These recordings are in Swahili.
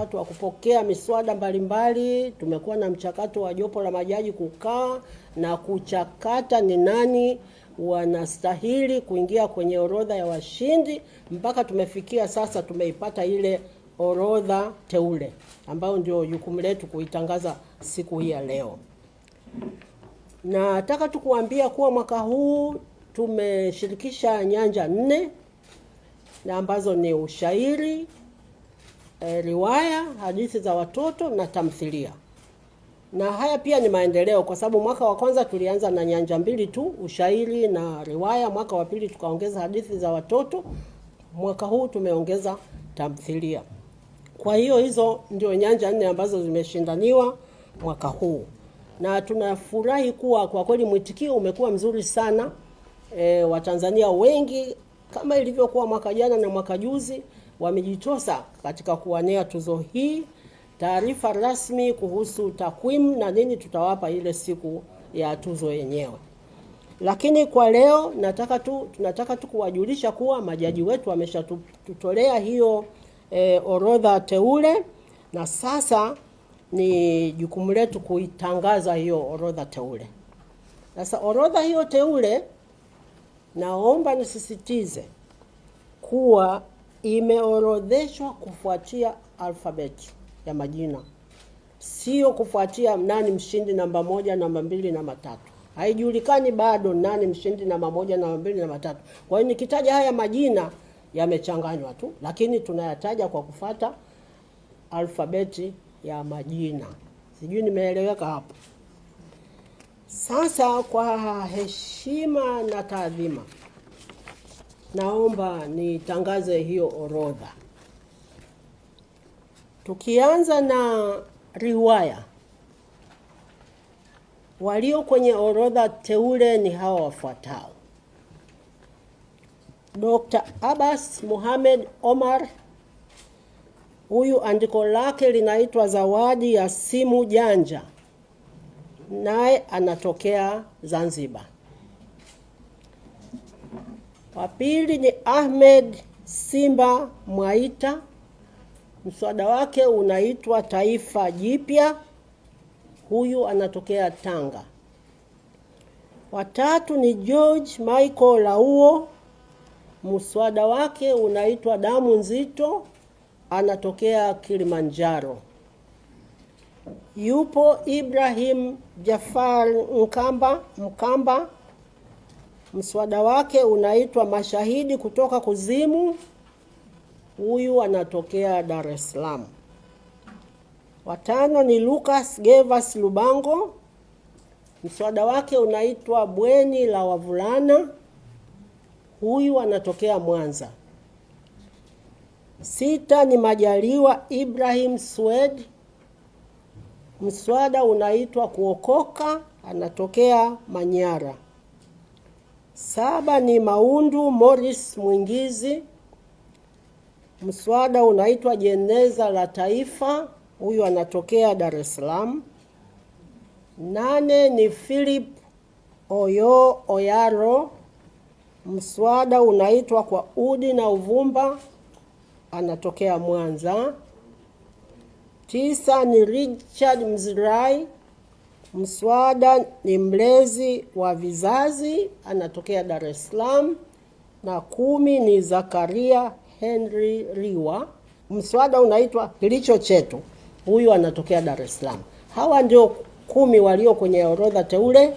Watu wa kupokea miswada mbalimbali, tumekuwa na mchakato wa jopo la majaji kukaa na kuchakata ni nani wanastahili kuingia kwenye orodha ya washindi, mpaka tumefikia sasa, tumeipata ile orodha teule ambayo ndio jukumu letu kuitangaza siku hii ya leo. Nataka tukuambia kuwa mwaka huu tumeshirikisha nyanja nne na ambazo ni ushairi e, riwaya, hadithi za watoto na tamthilia. Na haya pia ni maendeleo, kwa sababu mwaka wa kwanza tulianza na nyanja mbili tu, ushairi na riwaya. Mwaka wa pili tukaongeza hadithi za watoto, mwaka huu tumeongeza tamthilia. Kwa hiyo hizo ndio nyanja nne ambazo zimeshindaniwa mwaka huu, na tunafurahi kuwa kwa kweli mwitikio umekuwa mzuri sana. E, Watanzania wengi kama ilivyokuwa mwaka jana na mwaka juzi wamejitosa katika kuwania tuzo hii. Taarifa rasmi kuhusu takwimu na nini tutawapa ile siku ya tuzo yenyewe. Lakini kwa leo nataka tu, tunataka tu kuwajulisha kuwa majaji wetu wameshatutolea hiyo e, orodha teule, na sasa ni jukumu letu kuitangaza hiyo orodha teule. Sasa orodha hiyo teule, naomba nisisitize kuwa imeorodheshwa kufuatia alfabeti ya majina, sio kufuatia nani mshindi namba moja, namba mbili, namba tatu. Haijulikani bado nani mshindi namba moja, namba mbili, namba tatu. Kwa hiyo nikitaja haya majina yamechanganywa tu, lakini tunayataja kwa kufata alfabeti ya majina. Sijui nimeeleweka hapo. Sasa kwa heshima na taadhima naomba nitangaze hiyo orodha. Tukianza na riwaya, walio kwenye orodha teule ni hawa wafuatao: Dr. Abbas Mohamed Omar, huyu andiko lake linaitwa Zawadi ya Simu Janja, naye anatokea Zanzibar wa pili ni Ahmed Simba Mwaita, mswada wake unaitwa Taifa Jipya, huyu anatokea Tanga. Watatu ni George Michael Lauo, mswada wake unaitwa Damu Nzito, anatokea Kilimanjaro. Yupo Ibrahim Jafar Mkamba Mkamba Mswada wake unaitwa Mashahidi kutoka Kuzimu. Huyu anatokea Dar es Salaam. Watano ni Lucas gevas Lubango. Mswada wake unaitwa Bweni la Wavulana. Huyu anatokea Mwanza. Sita ni Majaliwa Ibrahim Swed. Mswada unaitwa Kuokoka, anatokea Manyara. Saba ni Maundu Morris Mwingizi, mswada unaitwa jeneza la taifa, huyu anatokea Dar es Salaam. Nane ni Philip Oyo Oyaro, mswada unaitwa kwa udi na uvumba, anatokea Mwanza. Tisa ni Richard Mzirai Mswada ni mlezi wa vizazi, anatokea Dar es Salaam, na kumi ni Zakaria Henry Riwa. Mswada unaitwa Kilicho Chetu, huyu anatokea Dar es Salaam. Hawa ndio kumi walio kwenye orodha teule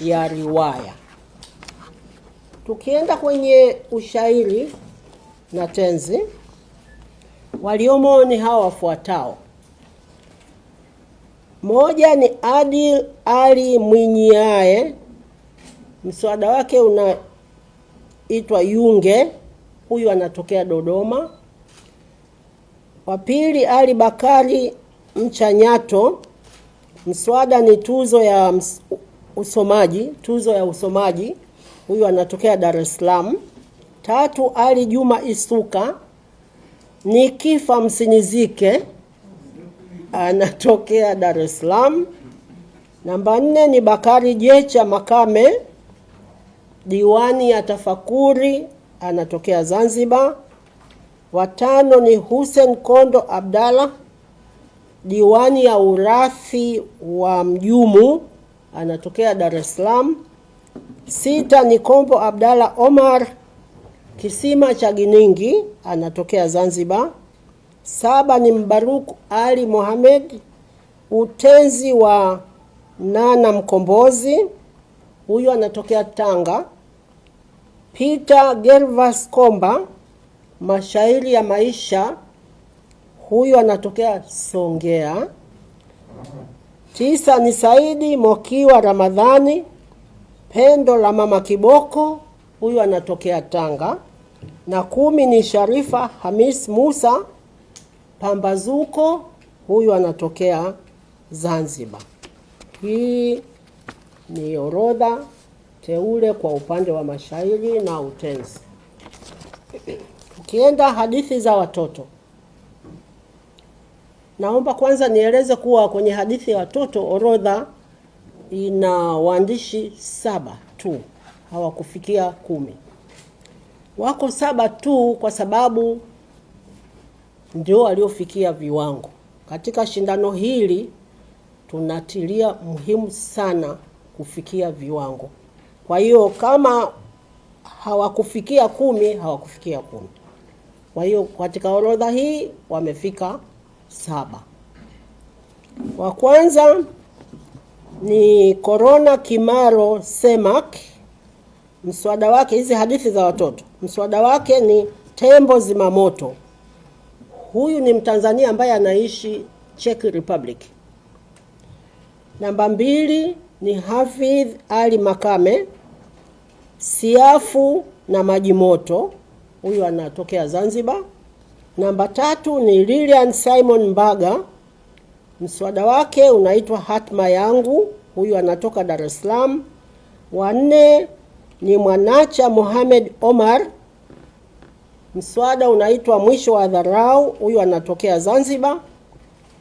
ya riwaya. Tukienda kwenye ushairi na tenzi, waliomo ni hawa wafuatao: moja ni Adil Ali Mwinyiae, mswada wake unaitwa Yunge, huyu anatokea Dodoma. Wa pili Ali Bakari Mchanyato, mswada ni tuzo ya usomaji, tuzo ya usomaji, huyu anatokea Dar es Salaam. Tatu Ali Juma Isuka, ni kifa msinizike anatokea Dar es Salaam. Namba nne ni Bakari Jecha Makame, diwani ya Tafakuri, anatokea Zanzibar. Watano ni Hussein Kondo Abdalla, diwani ya urathi wa Mjumu, anatokea Dar es Salaam. Sita ni Kombo Abdalla Omar, kisima cha Giningi, anatokea Zanzibar. Saba ni Mbaruku Ali Mohamed, utenzi wa Nana Mkombozi, huyu anatokea Tanga. Peter Gervas Komba, mashairi ya maisha, huyu anatokea Songea. Tisa ni Saidi Mokiwa Ramadhani, pendo la mama Kiboko, huyu anatokea Tanga. Na kumi ni Sharifa Hamis Musa Pambazuko huyu anatokea Zanzibar. Hii ni orodha teule kwa upande wa mashairi na utenzi. ukienda hadithi za watoto, naomba kwanza nieleze kuwa kwenye hadithi ya watoto orodha ina waandishi saba tu, hawakufikia kumi. Wako saba tu kwa sababu ndio waliofikia viwango. Katika shindano hili tunatilia muhimu sana kufikia viwango. Kwa hiyo kama hawakufikia kumi, hawakufikia kumi. Kwa hiyo katika orodha hii wamefika saba. Wa kwanza ni Corona Kimaro Semak, mswada wake, hizi hadithi za watoto, mswada wake ni tembo zimamoto. Huyu ni Mtanzania ambaye anaishi Czech Republic. Namba mbili ni Hafidh Ali Makame, siafu na maji moto, huyu anatokea Zanzibar. Namba tatu ni Lilian Simon Mbaga, mswada wake unaitwa Hatma Yangu, huyu anatoka Dar es Salaam. Wanne ni Mwanacha Mohamed Omar Mswada unaitwa mwisho wa dharau, huyu anatokea Zanzibar.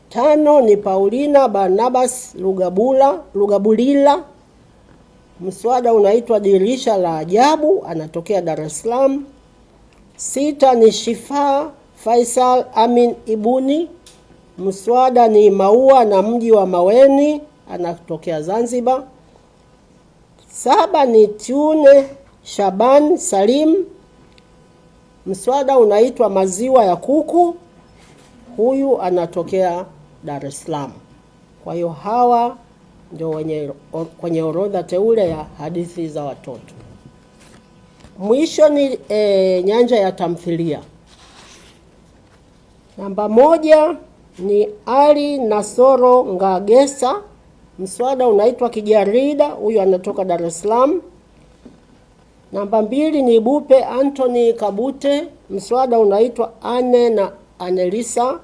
Tano ni Paulina Barnabas Lugabula, Lugabulila. Mswada unaitwa dirisha la ajabu, anatokea Dar es Salaam. Sita ni Shifa Faisal Amin Ibuni. Mswada ni maua na mji wa Maweni, anatokea Zanzibar. Saba ni Tune Shaban Salim Mswada unaitwa maziwa ya kuku, huyu anatokea Dar es Salaam. Kwa hiyo hawa ndio wenye or, kwenye orodha teule ya hadithi za watoto. Mwisho ni e, nyanja ya tamthilia. Namba moja ni Ali Nasoro Ngagesa, mswada unaitwa Kijarida, huyu anatoka Dar es Salaam. Namba mbili ni Bupe Anthony Kabute, mswada unaitwa Ane na Anelisa,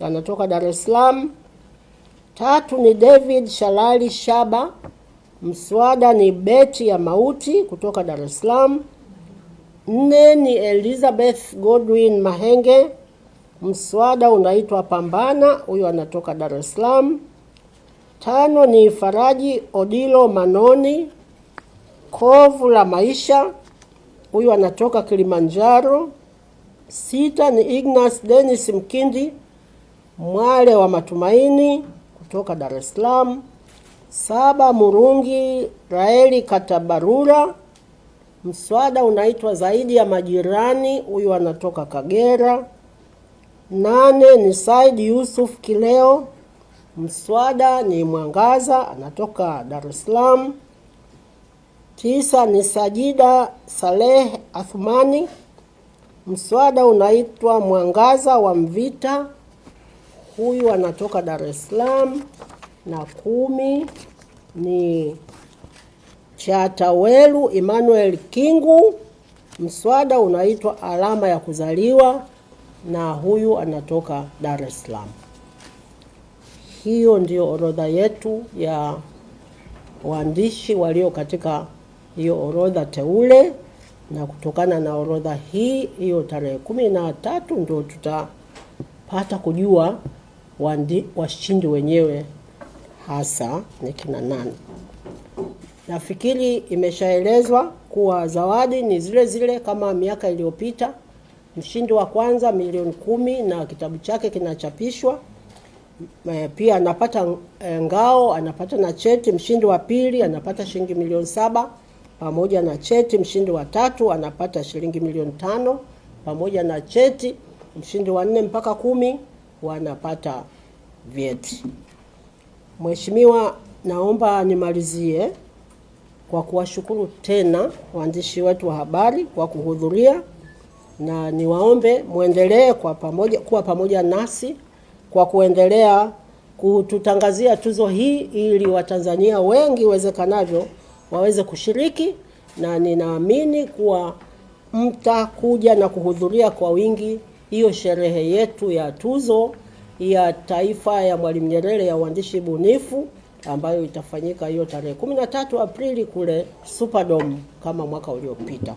anatoka Dar es Salaam. Tatu ni David Shalali Shaba, mswada ni beti ya mauti kutoka Dar es Salaam. Nne ni Elizabeth Godwin Mahenge, mswada unaitwa Pambana, huyu anatoka Dar es Salaam. Tano ni Faraji Odilo Manoni, Kovu la Maisha, huyu anatoka Kilimanjaro. Sita ni Ignas Dennis Mkindi, Mwale wa Matumaini kutoka Dar es Salaam. Saba Murungi Raeli Katabarura, mswada unaitwa Zaidi ya Majirani, huyu anatoka Kagera. Nane ni Said Yusuf Kileo, mswada ni Mwangaza, anatoka Dar es Salaam. Tisa ni Sajida Saleh Athumani. Mswada unaitwa Mwangaza wa Mvita, huyu anatoka Dar es Salaam. Na kumi ni Chatawelu Emmanuel Kingu, mswada unaitwa Alama ya Kuzaliwa, na huyu anatoka Dar es Salaam. Hiyo ndio orodha yetu ya waandishi walio katika hiyo orodha teule, na kutokana na orodha hii hiyo tarehe kumi na tatu ndio tutapata kujua washindi wenyewe hasa ni kina nani. Nafikiri imeshaelezwa kuwa zawadi ni zile zile kama miaka iliyopita. Mshindi wa kwanza milioni kumi na kitabu chake kinachapishwa eh, pia anapata eh, ngao, anapata na cheti. Mshindi wa pili anapata shilingi milioni saba pamoja na cheti. Mshindi wa tatu anapata shilingi milioni tano pamoja na cheti. Mshindi wa nne mpaka kumi wanapata vyeti. Mheshimiwa, naomba nimalizie kwa kuwashukuru tena waandishi wetu wa habari kwa kuhudhuria na niwaombe muendelee kwa pamoja kuwa pamoja nasi kwa kuendelea kututangazia tuzo hii ili Watanzania wengi iwezekanavyo waweze kushiriki, na ninaamini kuwa mtakuja na kuhudhuria kwa wingi hiyo sherehe yetu ya tuzo ya taifa ya Mwalimu Nyerere ya uandishi bunifu ambayo itafanyika hiyo tarehe 13 Aprili kule Superdome kama mwaka uliopita.